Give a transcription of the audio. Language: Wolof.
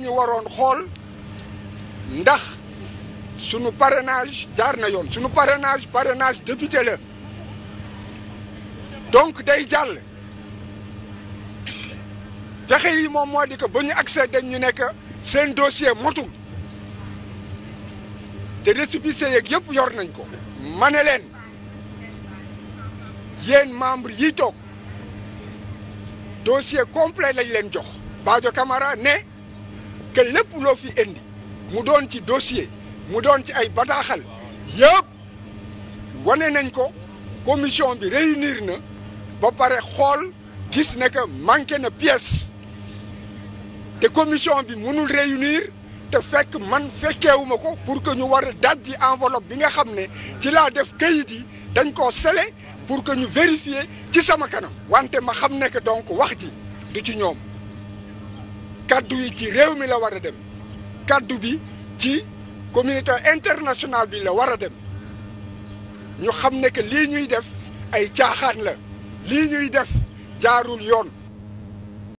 la waroon xool ndax sunu parenage jaar na yoon sunu parenage parrainage député la donc day jàll pexe yi moom moo di que ba ñu accéder dañ ñu nekk seen dossier motul te récépissé yeeg yëpp yor nañ ko ma ne leen yéen membre yi toog dossier complet lañ leen jox Badio Camara ne que lépp loo fi indi mu doon ci dossier mu doon ci ay bataaxal yëpp wane nañ ko commission bi réunir na ba pare xool gis ne que manqué na pièce te commission bi mënul réunir te fekk man fekkewuma ko pour que ñu war a dajji enveloppe bi nga xam ne ci laa def kayit yi dañ koo sele pour que ñu vérifier ci sama kanam wante ma xam ne que donc wax ji du ci ñoom kaddu yi ci réew mi la war a dem kàddu bi ci communauté internationale bi la war a dem ñu xam ne lii ñuy def ay caaxaan la lii ñuy def jaarul yoon